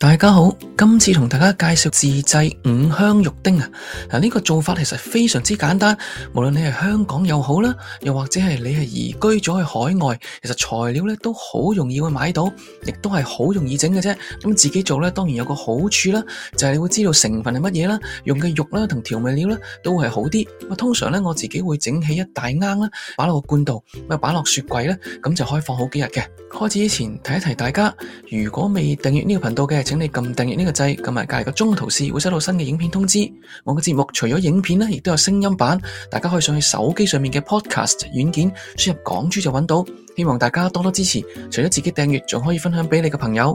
大家好，今次同大家介紹自製五香肉丁啊！嗱，呢個做法其實非常之簡單，無論你係香港又好啦，又或者係你係移居咗去海外，其實材料咧都好容易會買到，亦都係好容易整嘅啫。咁、啊、自己做咧，當然有個好處啦，就係、是、你會知道成分係乜嘢啦，用嘅肉啦同調味料咧都係好啲、啊。通常咧，我自己會整起一大罌啦，擺落個罐度，咁啊擺落雪櫃咧，咁就可以放好幾日嘅。開始之前提一提大家，如果未訂閱呢個頻道嘅。請你撳訂閱呢個掣，撳埋隔離個中途試，會收到新嘅影片通知。我嘅節目除咗影片呢，亦都有聲音版，大家可以上去手機上面嘅 Podcast 軟件輸入港珠就搵到。希望大家多多支持，除咗自己訂閱，仲可以分享俾你嘅朋友。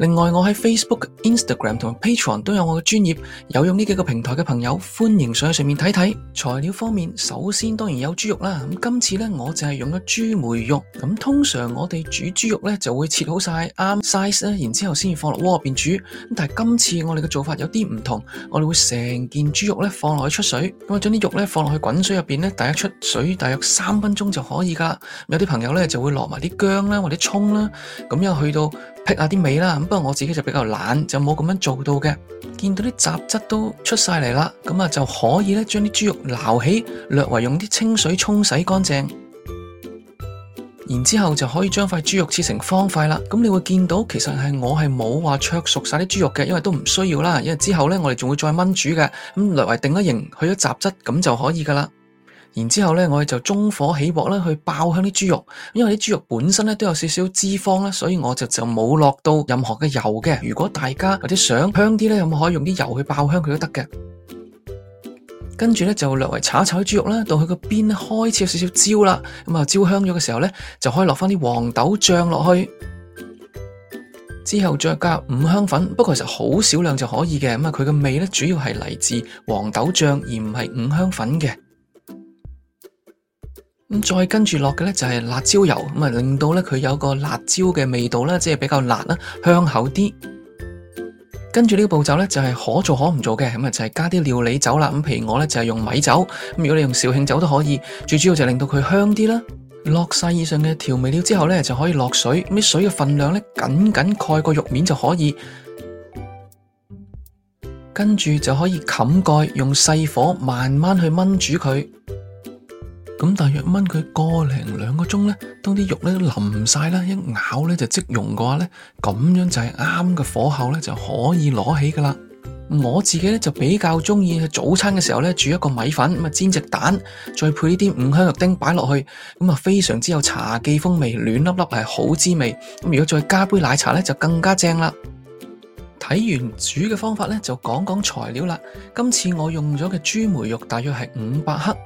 另外，我喺 Facebook、Instagram 同 Patreon 都有我嘅專頁，有用呢幾個平台嘅朋友歡迎上去上面睇睇。材料方面，首先當然有豬肉啦。咁今次呢，我就係用咗豬梅肉。咁通常我哋煮豬肉呢，就會切好晒啱 size 咧，然之後先至放落鍋入邊煮。咁但係今次我哋嘅做法有啲唔同，我哋會成件豬肉呢放落去出水，咁啊將啲肉呢放落去滾水入邊呢，大約出水大約三分鐘就可以噶。有啲朋友呢，就會落埋啲薑啦或者蔥啦，咁樣去到劈下啲味啦。不過我自己就比較懶，就冇咁樣做到嘅。見到啲雜質都出晒嚟啦，咁就可以咧，將啲豬肉撈起，略為用啲清水沖洗乾淨，然之後就可以將塊豬肉切成方塊啦。咁你會見到其實係我係冇話灼熟晒啲豬肉嘅，因為都唔需要啦。因為之後呢，我哋仲會再炆煮嘅。咁略為定一型，去咗雜質咁就可以㗎啦。然之後呢，我哋就中火起鑊啦，去爆香啲豬肉。因為啲豬肉本身呢都有少少脂肪啦，所以我就就冇落到任何嘅油嘅。如果大家或者想香啲呢，有冇可以用啲油去爆香佢都得嘅。跟住呢，就略為炒一炒啲豬肉啦，到佢個邊開始有少少焦啦。咁啊，焦香咗嘅時候呢，就可以落翻啲黃豆醬落去。之後再加入五香粉，不過其實好少量就可以嘅。咁啊，佢嘅味呢，主要係嚟自黃豆醬而唔係五香粉嘅。咁再跟住落嘅呢，就係辣椒油，咁啊令到呢，佢有個辣椒嘅味道咧，即係比較辣啦，香口啲。跟住呢個步驟呢，就係可做可唔做嘅，咁啊就係、是、加啲料理酒啦。咁譬如我呢，就係用米酒，咁如果你用紹興酒，都可以。最主要就令到佢香啲啦。落晒以上嘅調味料之後呢，就可以落水，啲水嘅份量呢，緊緊蓋過肉面就可以。跟住就可以冚蓋，用細火慢慢去炆煮佢。咁大約炆佢個零兩個鐘咧，當啲肉咧淋晒啦，一咬咧就即溶嘅話咧，咁樣就係啱嘅火候咧，就可以攞起噶啦。我自己咧就比較中意早餐嘅時候咧煮一個米粉，咁啊煎隻蛋，再配啲五香肉丁擺落去，咁啊非常之有茶記風味，暖粒粒係好滋味。咁如果再加杯奶茶咧，就更加正啦。睇完煮嘅方法咧，就講講材料啦。今次我用咗嘅豬梅肉大約係五百克。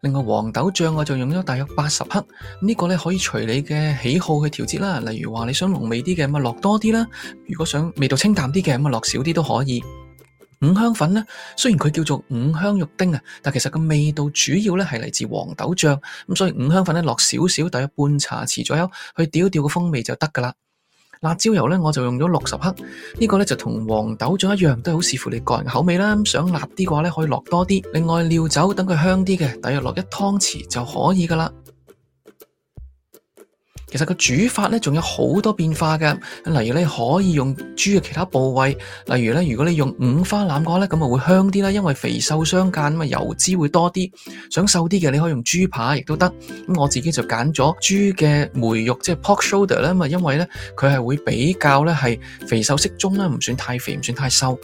另外黃豆醬我就用咗大約八十克，呢個呢，可以隨你嘅喜好去調節啦。例如話你想濃味啲嘅，咁啊落多啲啦；如果想味道清淡啲嘅，咁啊落少啲都可以。五香粉呢，雖然佢叫做五香肉丁啊，但其實個味道主要呢係嚟自黃豆醬，咁所以五香粉呢落少少，大約半茶匙左右去調調個風味就得㗎啦。辣椒油呢，我就用咗六十克，這個、呢個呢就同黃豆醬一樣，都係好視乎你個人口味啦。想辣啲嘅話呢，可以落多啲。另外，料酒等佢香啲嘅，大約落一湯匙就可以㗎喇。其實個煮法咧，仲有好多變化嘅。例如你可以用豬嘅其他部位，例如咧，如果你用五花腩嘅話咧，咁啊會香啲啦，因為肥瘦相間，咁啊油脂會多啲。想瘦啲嘅，你可以用豬扒，亦都得。咁我自己就揀咗豬嘅梅肉，即係 pork shoulder 咧，咁啊，因為咧佢係會比較咧係肥瘦適中啦，唔算太肥，唔算太瘦。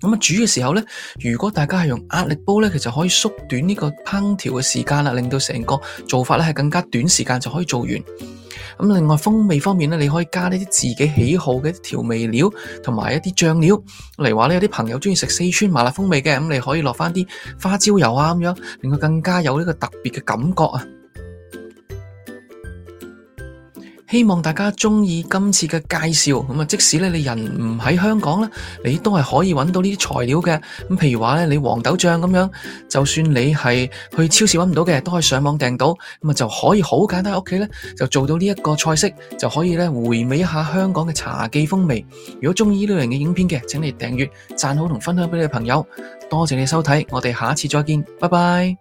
咁啊煮嘅時候咧，如果大家係用壓力煲咧，其實可以縮短呢個烹調嘅時間啦，令到成個做法咧係更加短時間就可以做完。咁另外風味方面咧，你可以加呢啲自己喜好嘅調味料，同埋一啲醬料，例如話咧，有啲朋友中意食四川麻辣風味嘅，咁你可以落翻啲花椒油啊咁樣，令佢更加有呢個特別嘅感覺啊！希望大家鍾意今次嘅介紹，咁啊，即使咧你人唔喺香港咧，你都係可以揾到呢啲材料嘅。咁譬如話咧，你黃豆醬咁樣，就算你係去超市揾唔到嘅，都可以上網訂到，咁啊就可以好簡單喺屋企咧就做到呢一個菜式，就可以咧回味一下香港嘅茶記風味。如果鍾意呢類型嘅影片嘅，請你訂閱、讚好同分享俾你嘅朋友。多謝你收睇，我哋下次再見，拜拜。